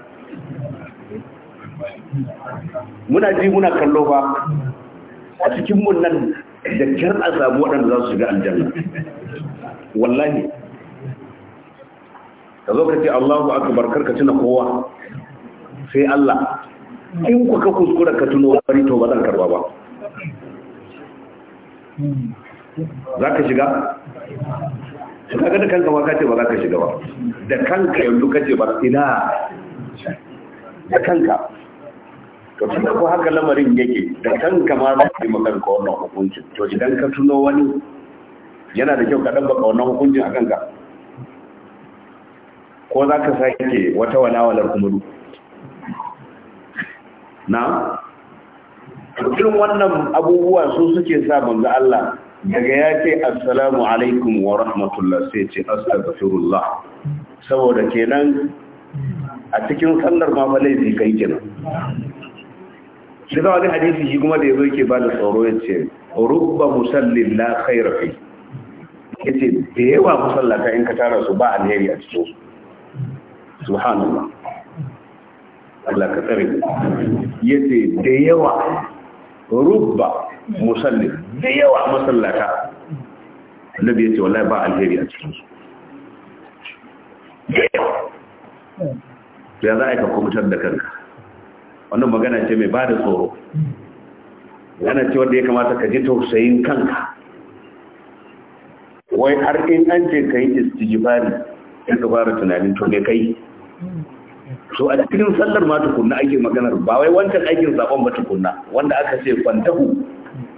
muna ji muna kallo ba a cikin munan nan da kyar a samu waɗanda za su shiga aljanna wallahi ka zo ka ce Allahu akbar ka tuna kowa sai Allah in ku ka kuskura ka tuno wani to ba zan karba ba za ka shiga ka ga da kanka ma ka ce ba za ka shiga ba da kanka yanzu ka ce ba ina da kanka to tun da ko haka lamarin yake da kanka ma za ka yi makanka wannan hukuncin to idan ka tuno wani yana da kyau ka ɗan baka wannan hukuncin a kanka ko za ka sake wata walawalar kuma duk na irin wannan abubuwa su suke sa manzo Allah daga ya ce assalamu alaikum wa rahmatullah sai ce astaghfirullah saboda kenan a cikin sallar ma fa laifi kai kenan shi ga wani hadisi shi kuma da yazo yake ba da tsoro ya ce rubba musallin la khayra fi yace da yawa musallata in ka tara su ba alheri a cikin su subhanallah Allah ka tsare yace da yawa rubba musalli da yawa masallata annabi yace wallahi ba alheri a cikin su ya za a ka komitar da kanka wannan magana ce mai bada tsoro yana ce wanda ya kamata ka ji tausayin kanka wai har in an ce ka yi istijibari Ya ka fara tunanin to kai so a cikin sallar ma tukunna ake maganar ba wai wancan aikin sabon ba tukunna wanda aka ce kwantahu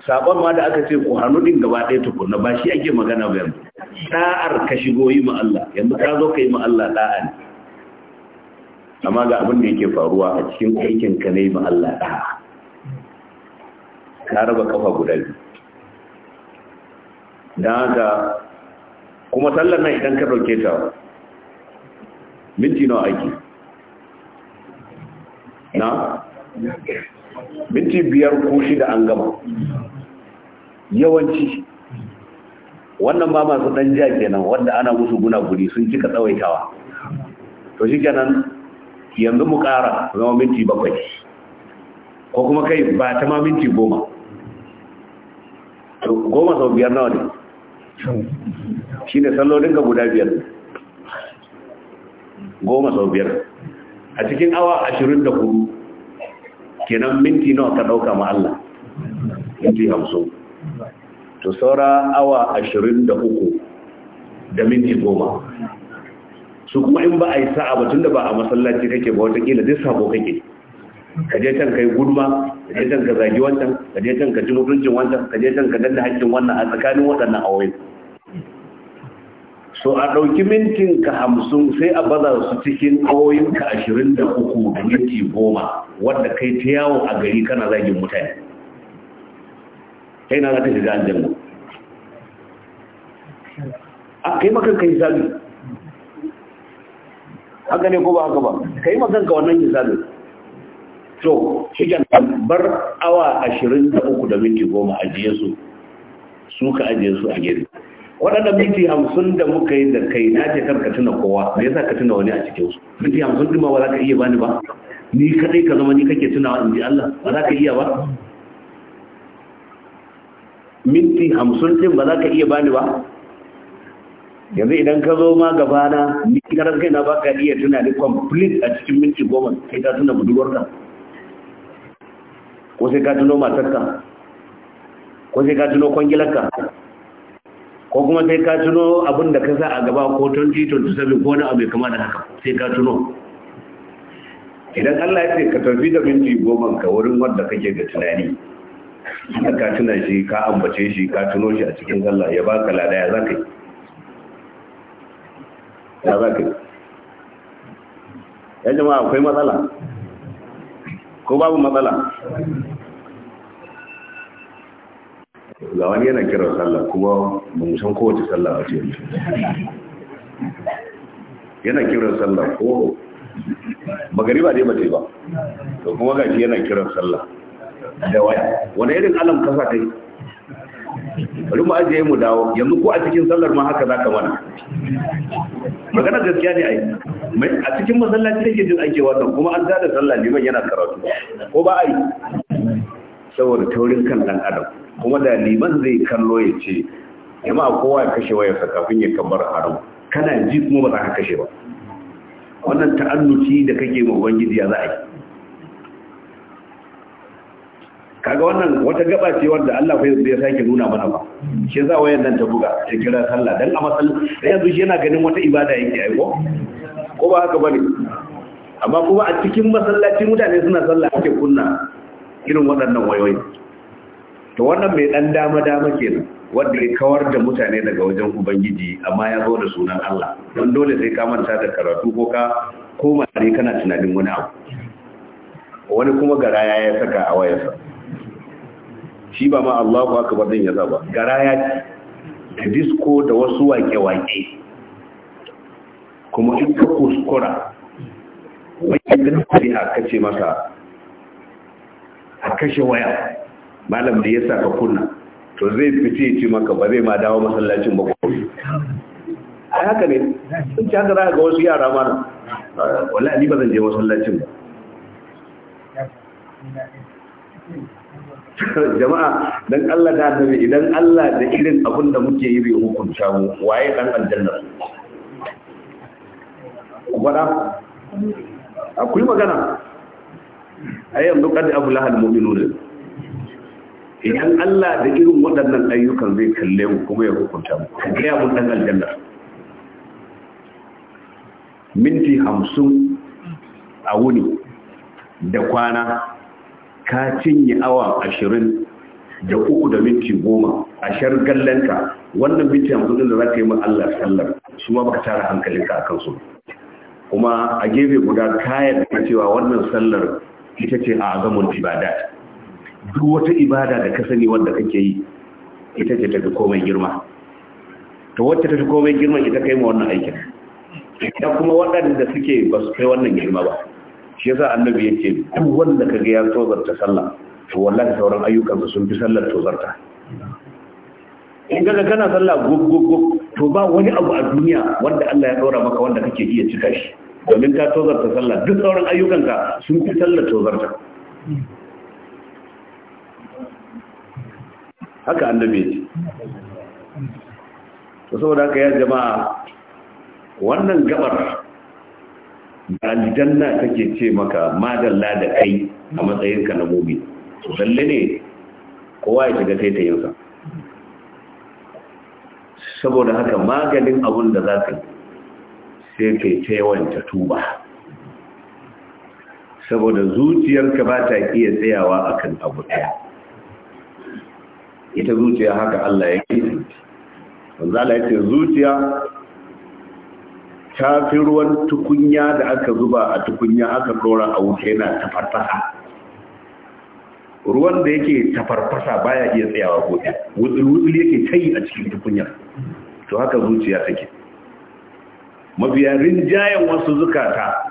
sabon ma da aka ce ku hannu din gaba ɗaya tukunna ba shi ake magana ba yanzu da'ar ka shigo yi ma Allah yanzu ka zo ka yi ma Allah da'a ne amma ga abin da yake faruwa a cikin aikin ka ne ma Allah da'a ka raba kafa guda biyu Da haka kuma sallar nan idan ka dauke ta minti nawa ake na minti biyar ko shida an gama yawanci wannan ma masu dan ja kenan wanda ana musu guna guri sun cika tsawaitawa to shi kenan yanzu mu ƙara zama minti bakwai ko kuma kai ba ta ma minti goma goma sau biyar nawa ne shi ne sallolin guda biyar goma sau biyar a cikin awa ashirin da hudu kenan minti nawa ka ɗauka ma Allah minti hamsin to saura awa ashirin da uku da minti goma su kuma in ba a yi sa'a ba tunda ba a masallaci kake ba watakila zai sabo kake ka je can kai gudma ka je can ka zagi wancan ka je can ka ji mutuncin wancan ka je can ka danna hakkin wannan a tsakanin waɗannan awoyin so a ɗauki mintinka hamsin sai a baza su cikin ka ashirin da uku da minti goma wadda kai ta yawo a gari kana zagin mutane kai na za ka shiga jango a kai makanka hisabi haka ne ko ba haka ba kai makanka wannan yi hisabi So shi bar awa ashirin da uku da minti goma ajiye su su ka ajiye su a gari waɗanda miti hamsin da muka yi da kai na ce kar ka tuna kowa me yasa ka tuna wani a cikin su miti hamsin ɗin ma ba za ka iya bani ba ni kaɗai ka zama ni kake tunawa in ji Allah ba za ka iya ba minti hamsin ɗin ba za ka iya bani ba yanzu idan ka zo ma gaba na ni karar kai na ba ka iya tuna ni complete a cikin minti goma sai ka tuna ka ko sai ka tuno matarka ko sai ka tuno kwangilarka ko kuma sai ka tuno abin da ka sa a gaba ko 2027 ko wani abu kama da haka sai ka tuno idan Allah ya ce ka tafi da minti goma ka wurin wanda kake da tunani ka tuna shi ka ambace shi ka tuno shi a cikin Allah ya baka lada za zaka yi ya zaka yi ya jama'a akwai matsala ko babu matsala ga wani yana kiran sallah kuma ba mu san kowace sallah a ce yana kiran sallah ko ba dai bace ba to kuma shi yana kiran sallah da waya wani irin alam kasa kai bari mu ajiye mu dawo yanzu ko a cikin sallar ma haka ka mana magana gaskiya ne ai mai a cikin masallaci ke jin ake wannan kuma an da sallah liman yana karatu ko ba a yi saboda taurin kan dan adam kuma da liman zai kallo ya ce a kowa ya kashe wayarsa kafin ya kamar haram kana ji kuma ba za ka kashe ba wannan ta'annuci da kake ma ubangiji ya za a yi kaga wannan wata gaba ce wanda Allah fa yanzu ya sake nuna mana ba shi za wayar nan ta buga ta kira sallah dan a matsalin yanzu shi yana ganin wata ibada yake ai ko ko ba haka bane amma kuma a cikin masallaci mutane suna sallah ake kunna irin waɗannan wayoyi to wannan mai dan dama dama kenan wanda ya kawar da mutane daga wajen ubangiji amma ya zo da sunan Allah don dole sai ka manta da karatu ko ka koma ne kana tunanin wani abu wani kuma garaya ya saka a wayarsa shi ba ma Allahu akbar din ya zaba garaya da disco da wasu wake-wake kuma in ka kuskura wani ka ce masa a kashe waya malam da yasa ka kunna to zai fice ce maka ba zai ma dawo masallacin ba ko ai haka ne sun ci haka za ga wasu yara ma wallahi ni ba zan je masallacin ba jama'a dan Allah da tafi idan Allah da irin abin da muke yi bai hukunta mu waye dan aljanna wada akwai magana ai yanzu kad abulahal mu'minun idan Allah da irin waɗannan ayyukan zai kalle mu kuma ya hukunta mu ka gaya mun ɗan aljanna minti hamsin a wuni da kwana ka cinye awa ashirin da uku da minti goma a shar gallanta wannan minti hamsin da za ka yi ma Allah sallar su ma baka tara hankalinka a kansu kuma a gefe guda kayan yarda cewa wannan sallar ita ce a azamun ibadat duk wata ibada da ka sani wanda kake yi ita ce tafi komai girma ta wacce tafi komai girma ita kai ma wannan aikin ita kuma waɗanda suke ba su kai wannan girma ba shi yasa annabi ya ce duk wanda kaga ya tozarta sallah to wallahi sauran ayyukansa sun fi sallar tozarta in ga kana sallah gub gub gub to ba wani abu a duniya wanda Allah ya ɗora maka wanda kake iya cika shi domin ka tozarta sallah duk sauran ayyukanka sun fi sallar tozarta haka annabi ya ce to saboda haka ya jama'a wannan gabar da aljanna take ce maka madalla da kai a matsayinka na to lalle ne kowa ya shiga sa saboda haka maganin abun da za ka sai ka yi ta tuba saboda zuciyarka ba ta iya tsayawa akan abu ɗaya. ita zuciya haka Allah ya ke zala ya zuciya ta fi ruwan tukunya da aka zuba a tukunya aka dora a wuce yana tafarfasa ruwan da yake tafarfasa baya iya tsayawa gobe wutsul-wutsul yake tayi a cikin tukunya to haka zuciya take mabiya rinjayen wasu zukata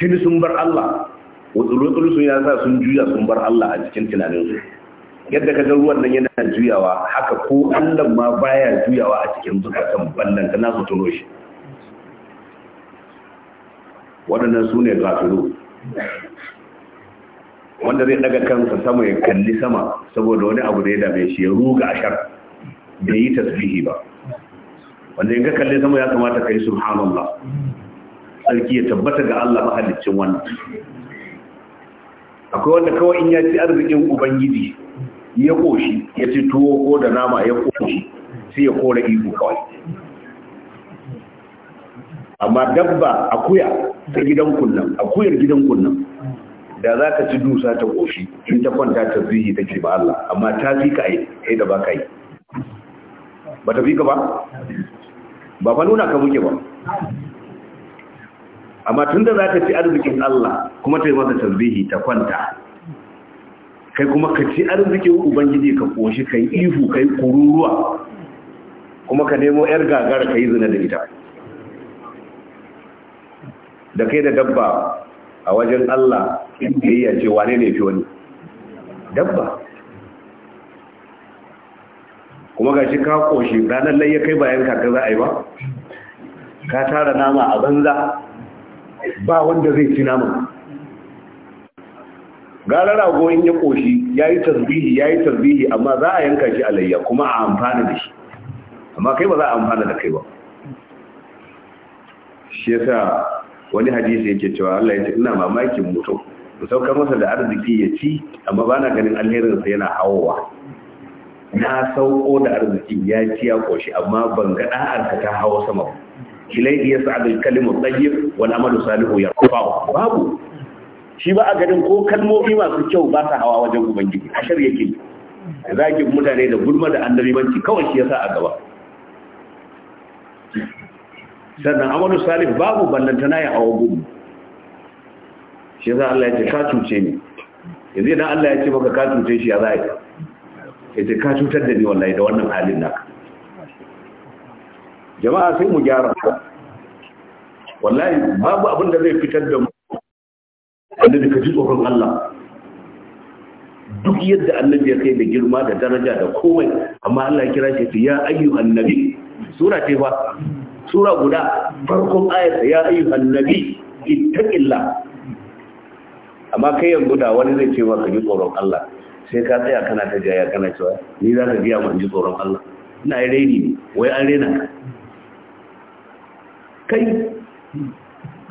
kini sun bar Allah wutsul-wutsul sun yasa sun juya sun bar Allah a cikin tunaninsu yadda ka ga ruwan nan yana juyawa haka ko Allah ma baya juyawa a cikin zukatan ballan kana nasu tono shi waɗannan su ne gafiru wanda zai daga kansa sama ya kalli sama saboda wani abu da ya dame shi ya ruga shar bai yi tasbihi ba wanda in ka kalli sama ya kamata kai subhanallah sarki ya tabbata ga Allah mahalicin wannan akwai wanda kawai in ya ci arzikin ubangiji ya koshi ya ci tuwo ko da nama ya koshi sai ya kora iko kawai amma dabba akuya ta gidan kunnan akuyar gidan kunnan da za ka ci dusa ta koshi in ta kwanta ta zihi ta ce ba Allah amma ta fi ka yi sai da ba ka yi ba ta fi ka ba ba fa nuna ka muke ba amma tun da za ta ci arzikin Allah kuma ta yi masa zihi ta kwanta kai kuma ka ci arzikin ubangiji ka koshi ka yi ihu ka yi kururuwa kuma ka nemo 'yar gagar ka yi zina da ita da kai da dabba a wajen Allah inda yi ce wane ne fi wani dabba kuma ga shi ka koshi ranar lai kai bayan kaka za a yi ba ka tara nama a banza ba wanda zai ci nama gara rago in ya koshi ya yi tasbihi ya yi tasbihi amma za a yanka shi alayya kuma a amfana da shi amma kai ba za a amfana da kai ba shi yasa wani hadisi yake cewa Allah ya ce ina mamakin mutum mu sauka masa da arziki ya ci amma ba na ganin sa yana hawowa na sauko da arziki ya ci ya koshi amma ban ga da'arka ta hawa sama ba ilai iya sa'adul kalimu tayyib wal amalu salihu yarfa'u babu shi ba a ganin ko kalmomi masu kyau ba sa hawa wajen ubangiji a shirya yake da zagin mutane da gulma da annabimanci kawai shi yasa a gaba sannan amalu Salif babu ballantana ya hawa gudu shi yasa Allah ya ce ka cuce ni yanzu idan Allah ya ce maka ka cuce shi ya za ya ce ka cutar da ni wallahi da wannan halin naka jama'a sai mu gyara wallahi babu abin da zai fitar da mu annabi ka ji tsoron Allah duk yadda annabi ya kai da girma da daraja da komai amma Allah ya kira shi ya ayyu annabi sura ce ba sura guda farkon ayar ya ayyu annabi illa amma kai yanzu da wani zai ce maka ji tsoron Allah sai ka tsaya kana ta jaya kana cewa ni za ka biya mun ji tsoron Allah ina yi raini ne wai an rena ka kai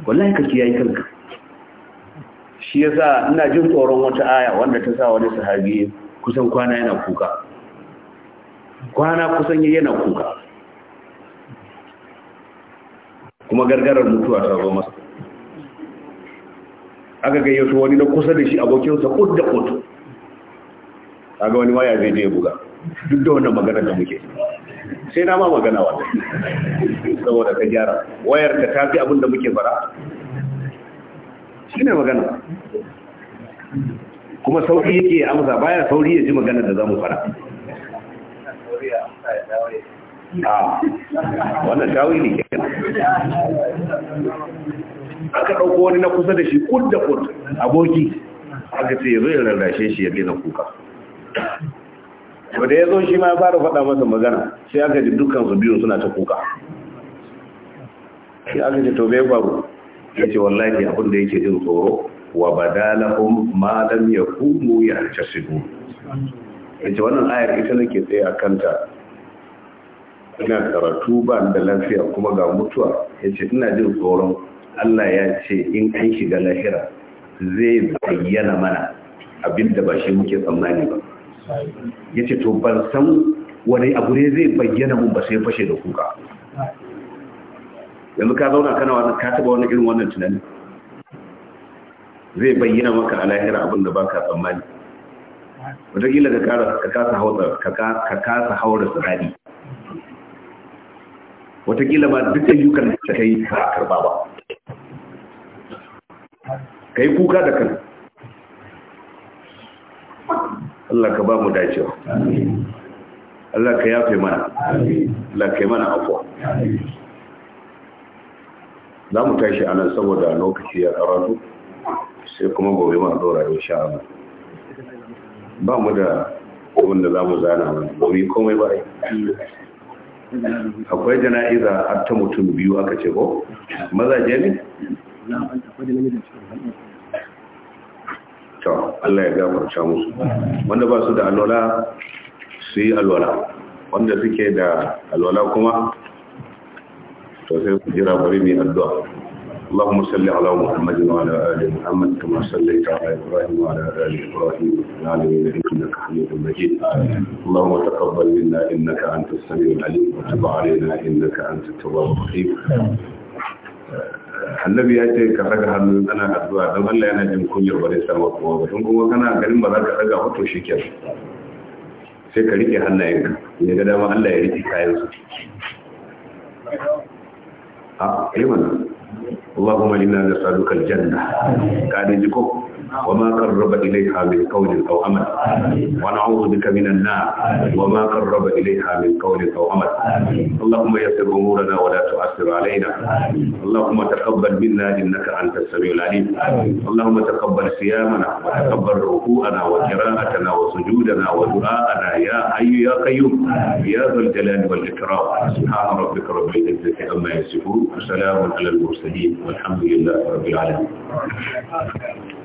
wallahi ka kiyaye kanka shi ya sa ina jin tsoron wata aya wanda ta sa wani sahabi kusan kwana yana kuka kwana kusan yana kuka kuma gargarar mutuwa ta zo masa aka gayyato wani na kusa da shi abokinsa kud da a ga wani waya zai je buga duk da wannan magana da muke sai na ma magana wata saboda ka gyara wayar da ta abin da muke fara shi ne magana kuma sauri yake amsa baya sauri ya ji magana da zamu fara ah, wannan dawi ne kenan aka ɗauko wani na kusa da shi kud da kud aboki aka ce zai rarrashe shi ya gina kuka da ya zo shi ma ya fara faɗa masa magana sai aka ji dukkan su biyu suna ta kuka sai aka ji tobe bai faru yace wallahi abin da yake jin tsoro wa badalahum ma lam yakunu yahtasibu yace wannan ayar ita nake tsaye a kanta ina karatu ba da lafiya kuma ga mutuwa yace ina jin tsoron Allah ya ce in kai shiga lahira zai bayyana mana abinda ba shi muke tsammani ba yace to ban san wani abu ne zai bayyana mun ba sai fashe da kuka yanzu ka zauna kana wani ka taba wani irin wannan tunanin zai bayyana maka a lahira abin da ba tsammani ka kasa haura ka kasa haura tsirani wataƙila ma duk ayyukan da ka yi ba a karba ba ka yi kuka da kan Allah ka ba mu dacewa Allah ka yafe mana Allah ka yi mana afuwa za mu tashi a nan saboda lokaci ya karatu sai kuma gobe ma dora ya sha ba mu da abin da za mu zana wani gobe komai ba akwai jana'iza har ta mutum biyu aka ce ko mazaje ne? to Allah ya gafarta musu wanda ba su da alwala su yi alwala wanda suke da alwala kuma فسيرا قريبي الدعاء اللهم صل على محمد وعلى آل محمد كما صليت على إبراهيم وعلى آل إبراهيم العالمين إنك حميد مجيد اللهم تقبل منا إنك أنت السميع العليم وتب علينا إنك أنت التواب الرحيم النبي أتى كرجه أنا أدعى دم الله أنا جم كوني وبري سما قوام ثم كنا قريب مرة كرجه هو تشكر سكرتي هنا إنك إذا ما الله يريد كايوس Ah, eh, a yi Allahumma inna nas'aluka aljanna ka da jiko وما قرب إليها من قول أو عمل ونعوذ بك من النار وما قرب إليها من قول أو عمل اللهم يسر أمورنا ولا تؤثر علينا اللهم تقبل منا إنك أنت السميع العليم اللهم تقبل صيامنا وتقبل ركوعنا وقراءتنا وسجودنا ودعاءنا يا حي يا قيوم يا ذا الجلال والإكرام سبحان ربك رب العزة عما يصفون وسلام على المرسلين والحمد لله رب العالمين